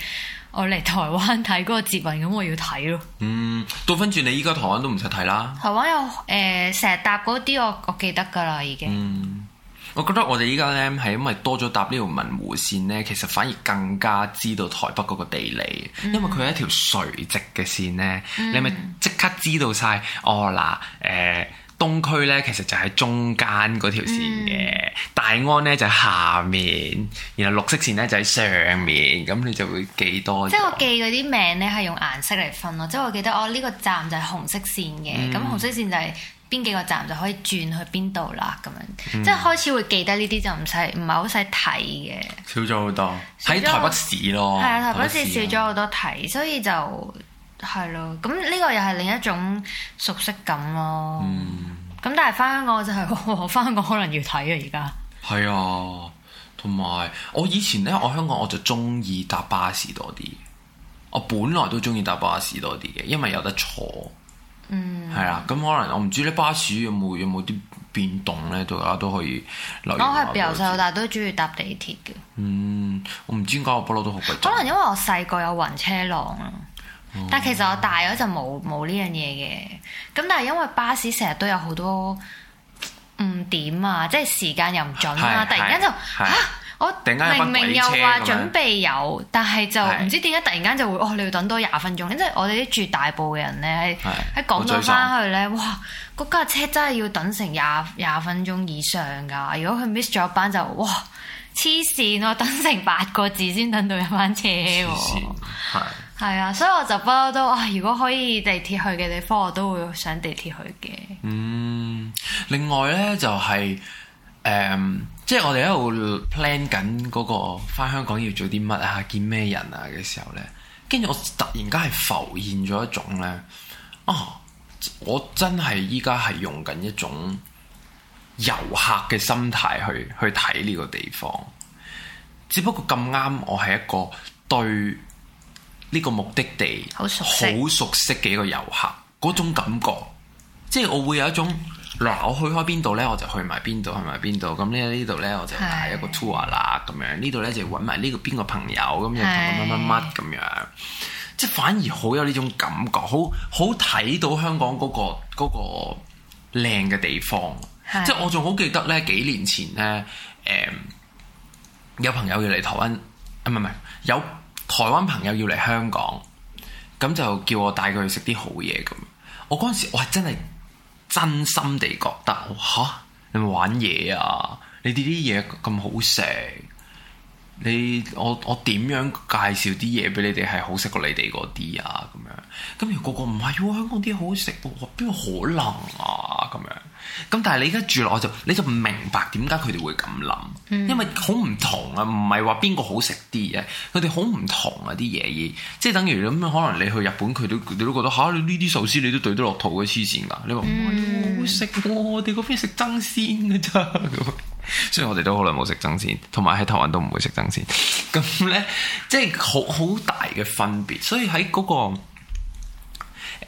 我嚟台灣睇嗰個捷運咁，我要睇咯。嗯，倒翻轉你依家台灣都唔使睇啦。台灣有誒，成、呃、日搭嗰啲我，我記得噶啦，已經、嗯。我覺得我哋依家咧係因為多咗搭呢條文湖線咧，其實反而更加知道台北嗰個地理，因為佢係一條垂直嘅線咧，嗯、你咪即刻知道晒。哦嗱，誒、呃、東區咧其實就喺中間嗰條線嘅，嗯、大安咧就喺下面，然後綠色線咧就喺上面，咁你就會記多。即係我記嗰啲名咧係用顏色嚟分咯，即係我記得哦呢、呢個站就係紅色線嘅，咁、嗯、紅色線就係、是。邊幾個站就可以轉去邊度啦？咁樣，嗯，即係開始會記得呢啲就唔使，唔係好使睇嘅，少咗好多。喺台北市咯，係啊，台北市少咗好多睇，啊、所以就係咯。咁呢個又係另一種熟悉感咯。咁、嗯、但係翻香港我就係、係、我翻香港可能要睇啊，而家係啊。同埋我以前咧，我香港我就中意搭巴士多啲。我本來都中意搭巴士多啲嘅，因為有得坐。嗯，係啦、嗯、咁、嗯、可能我唔知咧，巴士有冇有冇啲變動咧，大家都可以留意。我係由細到大都中意搭地鐵嘅。嗯，我唔知點解我不嬲都好貴。可能因為我細個有暈車浪咯，嗯、但係其實我大咗就冇冇呢樣嘢嘅。咁但係因為巴士成日都有好多誤點啊，即係時間又唔準啊。突然間就吓。我明明又話準備有，但係就唔知點解突然間就會是的 哦，你要多等多廿分鐘。因為我哋啲住大埔嘅人咧，喺港島翻去咧，哇！嗰架車真係要等成廿廿分鐘以上噶。如果佢 miss 咗班就哇黐線咯，我等成八個字先等到一班車喎、啊。係啊，所以我就不嬲都啊，如果可以地鐵去嘅地方，我都會上地鐵去嘅。嗯，另外咧就係、是、誒。嗯即係我哋喺度 plan 緊嗰個返香港要做啲乜啊見咩人啊嘅時候呢，跟住我突然間係浮現咗一種呢：「啊，我真係依家係用緊一種遊客嘅心態去去睇呢個地方。」只不過咁啱我係一個對呢個目的地好熟悉嘅一個遊客，嗰種感覺，即係我會有一種。嗯嗱，我去開邊度咧，我就去埋邊度，去埋邊度。咁呢呢度咧，我就帶一個 tour 啦，咁樣。呢度咧就搵埋呢個邊個朋友，咁樣乜乜乜咁樣。即係反而好有呢種感覺，好好睇到香港嗰個嗰個靚嘅地方。是即係我仲好記得咧，幾年前咧，誒、嗯，有朋友要嚟台灣，唔係唔係，有台灣朋友要嚟香港，咁就叫我帶佢去食啲好嘢咁。我嗰陣時，我係真係。真心地覺得嚇，你咪玩嘢啊！你哋啲嘢咁好食。你我我點樣介紹啲嘢俾你哋係好食過你哋嗰啲啊咁樣？咁如果個個唔係喎，香港啲嘢好好食喎，邊個可能啊咁樣？咁但係你依家住落就你就唔明白點解佢哋會咁諗，嗯、因為好唔同啊，唔係話邊個好食啲嘢，佢哋好唔同啊啲嘢嘢，即係等於咁樣，可能你去日本佢都佢都覺得吓、啊，你呢啲壽司你都對得落肚嘅黐線㗎，你話唔會食喎？我哋嗰邊食爭鮮㗎咋。 <laughs> 所以我哋都好耐冇食爭鮮，同埋喺台灣都唔會食爭鮮。咁 <laughs> 呢，即係好好大嘅分別。所以喺嗰、嗰個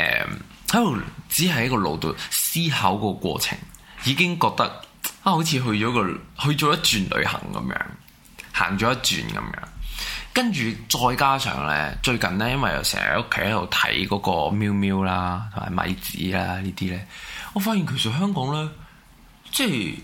誒喺度，呃、只係喺個腦度思考個過程，已經覺得啊，好似去咗個去咗一轉旅行咁樣，行咗一轉咁樣。跟住再加上呢，最近呢，因為又成日屋企喺度睇嗰個喵喵啦，同埋米子啦呢啲呢，我發現其實香港呢，即係。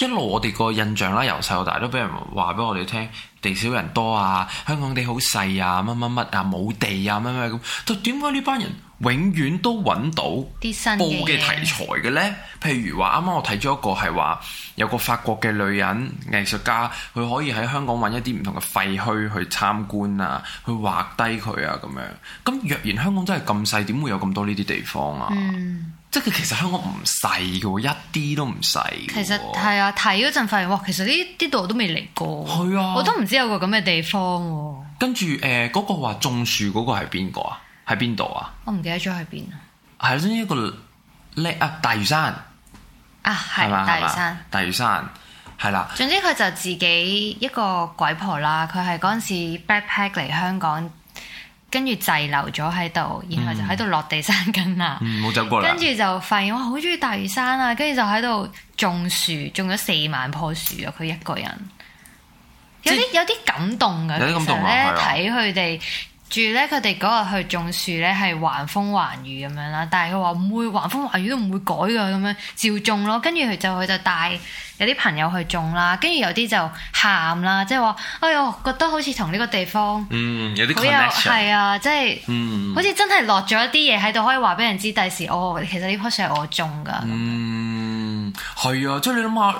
一路我哋個印象啦，由細到大都俾人話俾我哋聽地少人多啊，香港地好細啊，乜乜乜啊，冇地啊，乜乜咁。就係點解呢班人永遠都揾到啲新嘅題材嘅咧？譬如話啱啱我睇咗一個係話有個法國嘅女人藝術家，佢可以喺香港揾一啲唔同嘅廢墟去參觀啊，去畫低佢啊咁樣。咁若然香港真係咁細，點會有咁多呢啲地方啊？嗯即係其實香港唔細嘅，一啲都唔細。其實係啊，睇嗰陣發現，哇，其實呢啲度都未嚟過。係啊，我都唔知有個咁嘅地方。跟住誒，嗰個話種樹嗰個係邊個啊？喺邊度啊？我唔記得咗喺邊。係啦，總之一個叻啊大嶼山。啊，係，大嶼山。大嶼山係啦。總之佢就自己一個鬼婆啦。佢係嗰陣時 backpack 嚟香港。跟住滯留咗喺度，然後就喺度落地生根啦。嗯，冇走過嚟。跟住就發現我好中意大嶼山啦，跟住就喺度種樹，種咗四萬棵樹啊！佢一個人，有啲即有啲感動㗎。你咁動啊？係睇佢哋。住咧，佢哋嗰日去種樹咧，係橫風橫雨咁樣啦。但係佢話唔會，橫風橫雨都唔會改噶，咁樣照種咯。跟住佢就佢就帶有啲朋友去種啦。跟住有啲就喊啦，即係話：哎呦，覺得好似同呢個地方，嗯，有啲 c 係啊，即係，就是嗯、好似真係落咗一啲嘢喺度，可以話俾人知。第時，哦，其實呢樖樹係我種噶。嗯，係啊，即、就、係、是、你諗下，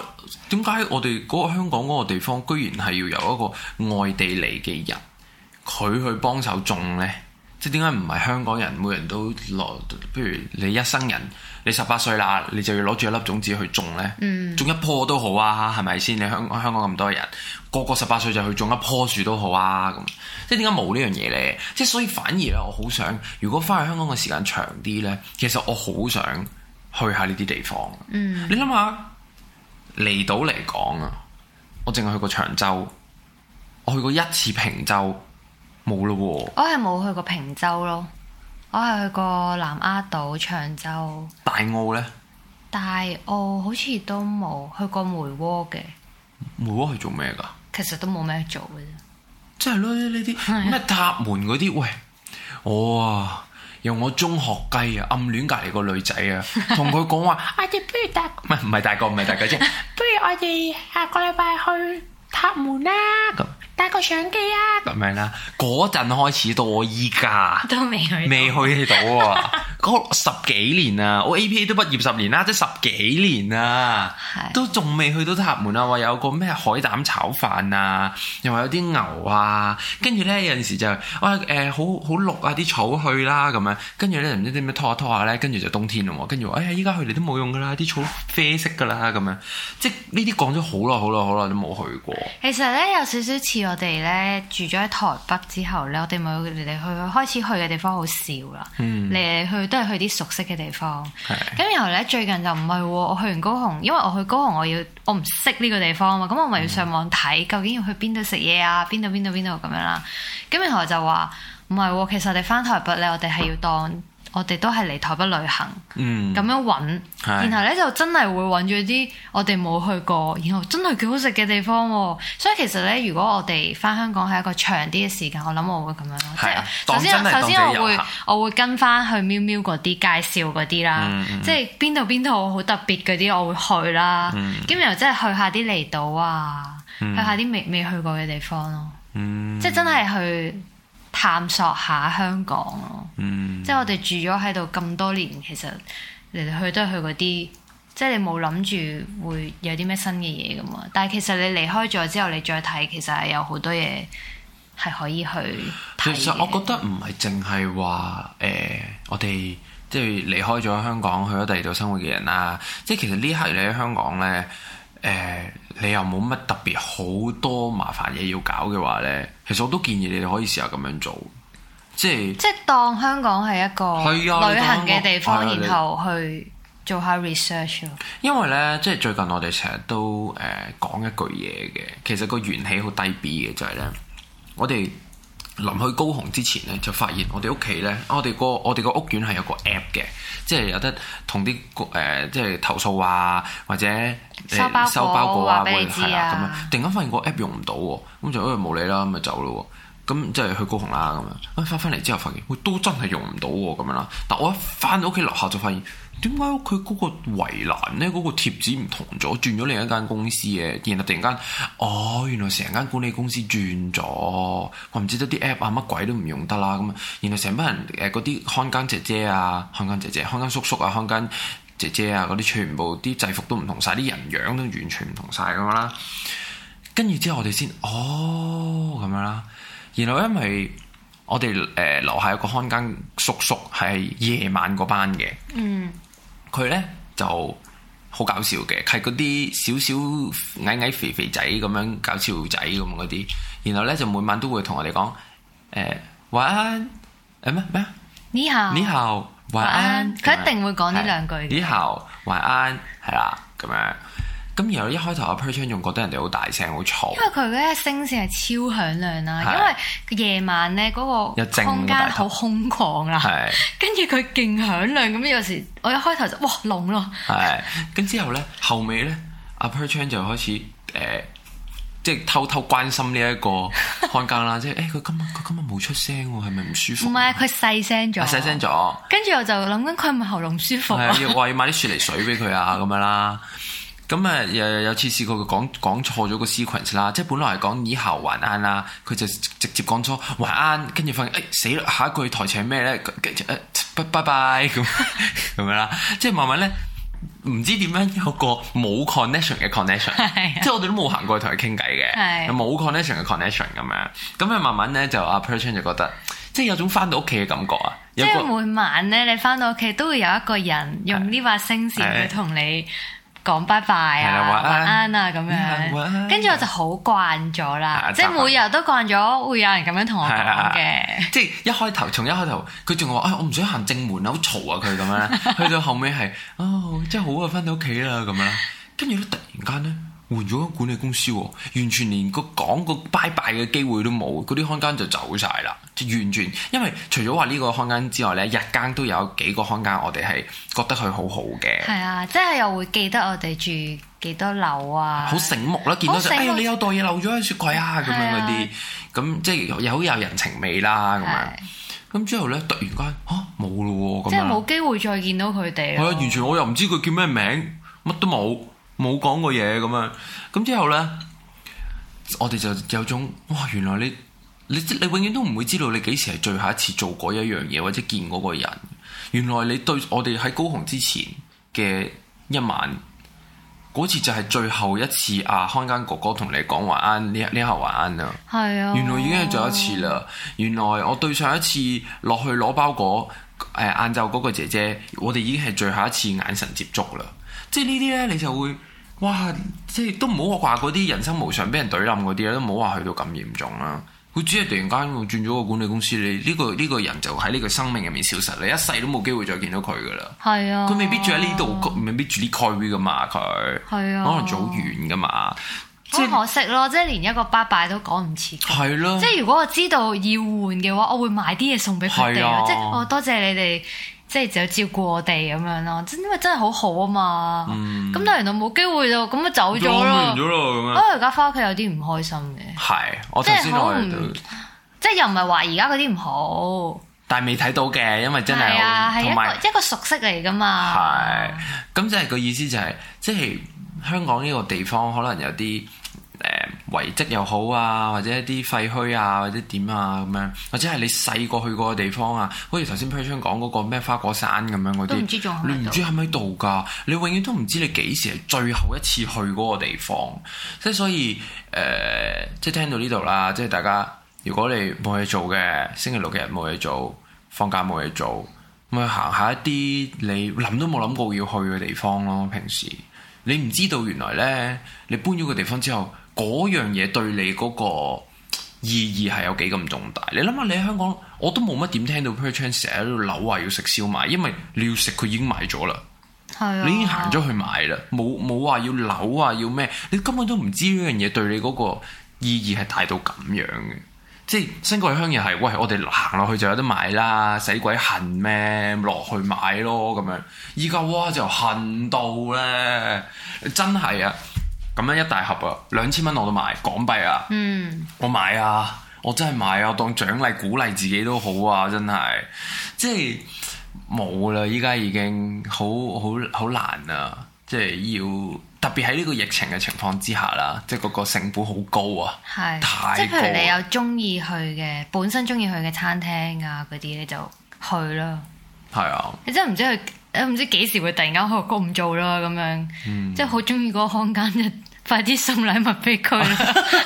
點解我哋嗰香港嗰個地方，居然係要由一個外地嚟嘅人佢去幫手種呢？即係點解唔係香港人每人都落？譬如你一生人，你十八歲啦，你就要攞住一粒種子去種呢？嗯、種一棵都好啊，係咪先？你香香港咁多人，個個十八歲就去種一棵樹都好啊，咁即係點解冇呢樣嘢呢？即係所以反而咧，我好想如果翻去香港嘅時間長啲呢，其實我好想去下呢啲地方。嗯，你想想，你諗下，離島嚟講啊，我淨係去過長洲，我去過一次平洲。冇咯喎！我係冇去過平洲咯，我係去過南丫島、長洲、大澳咧。大澳好似都冇去過梅窩嘅。梅窩係做咩㗎？其實都冇咩做嘅啫。真係咯，呢啲咩塔門嗰啲喂，哇！由我中學雞啊，暗戀隔離個女仔啊，同佢講話，我哋不如搭唔係唔係，大個唔係大家啫，不如我哋下個禮拜去塔門啦咁。帶個相機啊，咁樣啦，嗰陣開始到我依家都未去，未去到啊，嗰十幾年啊，我 A P A 都畢業十年啦，即係十幾年啊，是的 都仲未去到塔門啊，話有個咩海膽炒飯啊，又話有啲牛啊，跟住咧有陣時就，哇誒好好綠啊啲草去啦，咁樣，跟住咧唔知點樣拖下拖下咧，跟住就冬天咯，跟住話哎呀依家去嚟都冇用噶啦，啲草啡色噶啦，咁樣，即係呢啲講咗好耐好耐好耐都冇去過。其實咧有少少似我哋咧住咗喺台北之後咧，我哋咪會嚟嚟去去，開始去嘅地方好少啦。嚟嚟、嗯、去都係去啲熟悉嘅地方。咁是的 然後咧最近就唔係，我去完高雄，因為我去高雄我要我唔識呢個地方啊嘛，咁我咪要上網睇究竟要去邊度食嘢啊，邊度邊度邊度咁樣啦。咁然後就話唔係，其實我哋返台北咧，我哋係要當。我哋都係嚟台北旅行，咁、嗯、樣揾，是然後呢，就真係會揾咗啲我哋冇去過，然後真係幾好食嘅地方、哦。所以其實呢，如果我哋翻香港係一個長啲嘅時間，我諗我會咁樣咯。是即係首先，首先我會我會跟翻去喵喵嗰啲介紹嗰啲啦，嗯、即係邊度邊度好特別嗰啲我會去啦。咁、嗯、然後真係去下啲離島啊，嗯、去下啲未未去過嘅地方咯、啊。嗯、即係真係去。探索下香港咯，嗯、即係我哋住咗喺度咁多年，其實嚟嚟去都係去嗰啲，即係你冇諗住會有啲咩新嘅嘢噶嘛。但係其實你離開咗之後，你再睇，其實係有好多嘢係可以去。其實我覺得唔係淨係話誒，我哋即係離開咗香港去咗第二度生活嘅人啦，即係其實呢刻你喺香港咧誒。呃你又冇乜特別好多麻煩嘢要搞嘅話呢，其實我都建議你哋可以試下咁樣做，即係即係當香港係一個、啊、旅行嘅地方，啊、然後去做下 research 咯。因為呢，即係最近我哋成日都誒、呃、講一句嘢嘅，其實個元氣好低 B 嘅就係呢：「我哋。臨去高雄之前咧，就發現我哋屋企咧，我哋個我哋個屋苑係有個 app 嘅，即係有得同啲誒，即係投訴啊，或者收包過、啊、收包裹訴對啊，係啦咁樣。突然間發現個 app 用唔到喎，咁就因為冇理啦，咁咪走咯。咁即係去高雄啦咁樣。咁翻翻嚟之後發現，喂，都真係用唔到喎，咁樣啦。但我一翻到屋企樓下就發現，點解佢嗰個圍欄咧，嗰、嗰個貼紙唔同咗，轉咗另一間公司嘅，然後突然間，哦，原來成間管理公司轉咗，我唔知得啲 app 啊乜鬼都唔用得啦，咁啊，然後成班人誒，嗰啲看更姐姐啊，看更姐姐，看更叔叔啊，看更姐姐啊，嗰啲全部啲制服都唔同晒，啲人樣都完全唔同晒咁樣啦。跟住之後我哋先，哦，咁樣啦。然後因為我哋誒樓下有個看更叔叔係夜晚嗰班嘅，嗯。佢咧就好搞笑嘅，係嗰啲少少矮矮肥肥仔咁樣搞笑仔咁嗰啲，然後咧就每晚都會同我哋講，誒、呃，晚安，誒咩咩啊，你好你好，晚安，佢一定會講呢兩句，你好晚安，係啦，咁樣。咁然後一開頭阿 Perchun 仲覺得人哋好大聲，好嘈。因為佢嗰啲聲線係超響亮啦，是因為夜晚咧嗰個空間好空曠啦，跟住佢勁響亮咁。有時我一開頭就哇聾咯，係跟之後咧後尾咧阿 Perchun 就開始誒、呃，即係偷偷關心呢一個看更啦， <laughs> 即係誒佢今日佢今日冇出聲，係咪唔舒服？唔係，佢細聲咗、啊，細聲咗。跟住我就諗緊佢係咪喉嚨舒服？係要話要買啲雪梨水俾佢啊，咁樣啦。咁啊、嗯，又有次試過佢講講錯咗個 sequence 啦，即係本來係講以後還啱啦，佢就直接講錯還啱，跟住發現、欸、死啦，下一句台詞係咩咧？拜拜咁咁樣啦，即係慢慢咧唔知點樣有個冇 connection 嘅 connection，即係我哋都冇行過去同佢傾偈嘅，冇 connection 嘅 connection 咁樣，咁啊慢慢咧就阿 person 就覺得，即係有種翻到屋企嘅感覺啊！即係每晚咧，你翻到屋企都會有一個人用呢把聲線去同你，講 bye bye 晚安啊，咁樣，跟住我就好慣咗啦，啊、即係每日都慣咗會有人咁樣同我講嘅，即係一開頭，從一開頭佢仲話，啊，我唔想行正門啊，好嘈啊，佢咁樣， <laughs> 去到後尾係哦，真係好啊，翻到屋企啦咁樣，跟住都突然間咧。換咗管理公司喎，完全連個講個拜拜嘅機會都冇，嗰啲看更就走晒啦，即完全，因為除咗話呢個看更之外咧，日更都有幾個看更，我哋係覺得佢好好嘅。係啊，即係又會記得我哋住幾多樓啊，好醒目啦，見到誒、哎、你有袋嘢漏咗喺雪櫃啊，咁樣嗰啲，咁即係又好有人情味啦，咁啊，咁之後咧，突然間嚇冇啦喎，啊啊、即係冇機會再見到佢哋。係啊，完全我又唔知佢叫咩名，乜都冇。冇講過嘢咁樣，咁之後呢，我哋就有種，哇，原來你你你永遠都唔會知道你幾時係最後一次做嗰一樣嘢，或者見嗰個人。原來你對我哋喺高雄之前嘅一晚，嗰次就係最後一次啊！康間哥哥同你講話呢呢下話啊，係啊，原來已經係最後一次啦。原來我對上一次落去攞包裹誒，晏晝嗰個姐姐，我哋已經係最後一次眼神接觸啦。即係呢啲呢，你就會。嗯哇！即係都唔好話嗰啲人生無常，俾人懟冧嗰啲咧，都唔好話去到咁嚴重啦。佢只係突然間轉咗個管理公司，你、呢、呢個呢、呢個人就喺呢個生命入面消失，你一世都冇機會再見到佢噶啦。係是啊，佢未必住喺呢度，未必住啲 c o v 噶嘛，佢係是啊，可能早遠噶嘛，好可惜咯。即係連一個拜拜都講唔切，係咯。即係如果我知道要換嘅話，我會買啲嘢送俾佢哋。是啊、即係我多謝你哋。即係只有照顧我哋咁樣咯，因為真係好好啊嘛。咁、嗯、但係原來冇機會咯，咁就走咗咯。啊，而家返屋企有啲唔開心嘅。係，我頭先來都即係又唔係話而家嗰啲唔好，但係未睇到嘅，因為真係係、啊、一個有一個熟悉嚟噶嘛。係，咁即係個意思就係、是，即係香港呢個地方可能有啲誒。呃遺跡又好啊，或者一啲廢墟啊，或者點啊咁樣，或者係你細個去過嘅地方啊，好似頭先 Pushon 講嗰個咩花果山咁樣嗰啲，知你唔知係咪度㗎？你永遠都唔知你幾時係最後一次去嗰個地方，即係所以誒、呃，即係聽到呢度啦，即係大家如果你冇嘢做嘅，星期六嘅日冇嘢做，放假冇嘢做，咁去行下一啲你諗都冇諗過要去嘅地方咯。平時你唔知道原來咧，你搬咗個地方之後。嗰樣嘢對你嗰個意義係有幾咁重大？你諗下，你喺香港我都冇乜點聽到 Perchance 喺度扭話要食燒賣，因為你要食佢已經買咗啦，的你已經行咗去買啦，冇冇話要扭啊要咩？你根本都唔知呢樣嘢對你嗰個意義係大到咁樣嘅，即係新界香又係喂，我哋行落去就有得買啦，使鬼恨咩？落去買咯咁樣，依家哇就恨到咧，真係啊！咁樣一大盒啊，兩千蚊我都買港幣啊！嗯，我買啊，我真係買啊，當獎勵鼓勵自己都好啊，真係，即係冇啦，依家已經好好好難啊！即係要特別喺呢個疫情嘅情況之下啦，即係嗰個成本好高啊，係，太高，即係譬如你有中意去嘅，本身中意去嘅餐廳啊嗰啲，你就去咯。係啊，你真係唔知佢。誒，唔知幾時會突然間學工唔做啦，咁樣，嗯、即係好中意嗰個空間，就快啲送禮物俾佢 <laughs> 惡。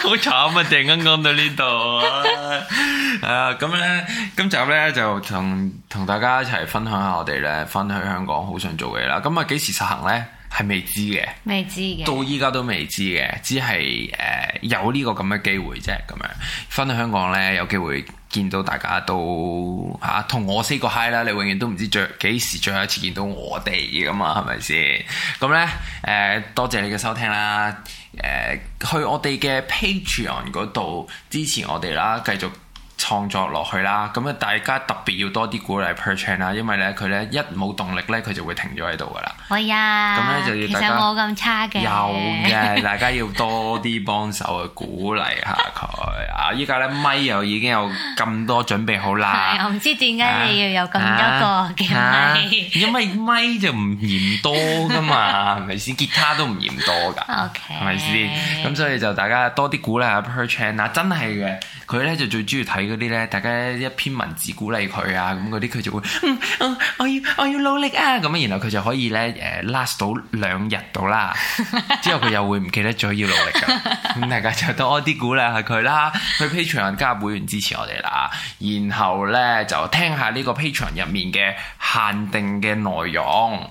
好慘 <laughs> <laughs> <laughs> 啊，突然間講到呢度啊！咁咧，今集咧就同同大家一齊分享下我哋咧，返去香港好想做嘅嘢啦。咁啊，幾時實行咧，係未知嘅，未知嘅，到依家都未知嘅，只係誒有呢個咁嘅機會啫。咁樣，返去香港咧，有機會。見到大家都嚇、啊，同我 say 個 hi 啦！你永遠都唔知最幾時最後一次見到我哋噶嘛，係咪先？咁咧誒，多謝你嘅收聽啦！誒、呃，去我哋嘅 Patreon 度支持我哋啦，繼續。創作落去啦，咁啊大家特別要多啲鼓勵 Per Chan c 啦，因為咧佢咧一冇動力咧佢就會停咗喺度噶啦。可以、oh、yeah, 要大家其實冇咁差嘅。有嘅的， <laughs> 大家要多啲幫手去鼓勵下佢啊！依家咧咪又已經有咁多準備好啦。 <laughs> 我唔知點解你要有咁多個嘅、啊啊啊、因為咪就唔嫌多噶嘛，係咪先？吉他都唔嫌多㗎，係咪先？咁所以就大家多啲鼓勵下 Per Chan，c e 嗱真係嘅，佢咧 <laughs> 就最中意睇。啲咧，大家一篇文字鼓勵佢啊，咁嗰啲佢就會嗯，嗯，我，我要我要努力啊，咁然後佢就可以咧，誒，last 到兩日到啦，之後佢又會唔記得咗要努力噶，咁 <laughs> 大家就多啲鼓勵下佢啦，去 Patreon 加會員支持我哋啦，然後咧就聽下呢個 Patreon 入面嘅限定嘅內容，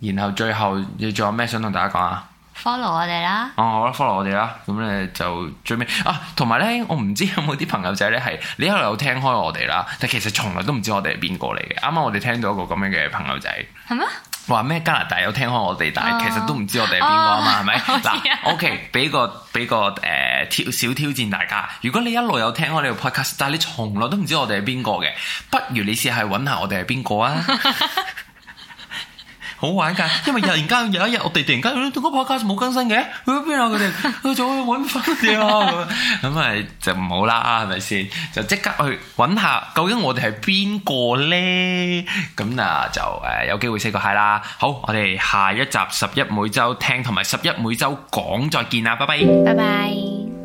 然後最後你仲有咩想同大家講啊？Follow 我哋啦！哦，好啦，Follow 我哋啦。咁咧就最尾啊，同埋咧，我唔知有冇啲朋友仔咧係你一路有聽開我哋啦，但其實從來都唔知我哋係邊個嚟嘅。啱啱我哋聽到一個咁樣嘅朋友仔，係咩嗎？話咩加拿大有聽開我哋，但係其實都唔知我哋係邊個啊嘛？係咪？嗱，OK，俾個俾個誒挑小挑戰大家。如果你一路有聽開呢個 podcast，但係你從來都唔知我哋係邊個嘅，不如你試下搵下我哋係邊個啊？ <laughs> 好玩噶，因為突然間、 <laughs> 啊、有一日我哋突然間，我個 podcast 冇更新嘅，去邊啊佢哋，去咗、啊！去搵翻啲咯，咁、啊、咪、啊、 <laughs> 就唔好啦，係咪先？就即刻去揾下究竟我哋係邊個咧？咁啊就誒有機會 say 個 hi 啦。好，我哋下一集十一每周聽同埋十一每周講再見啦，拜拜，拜拜。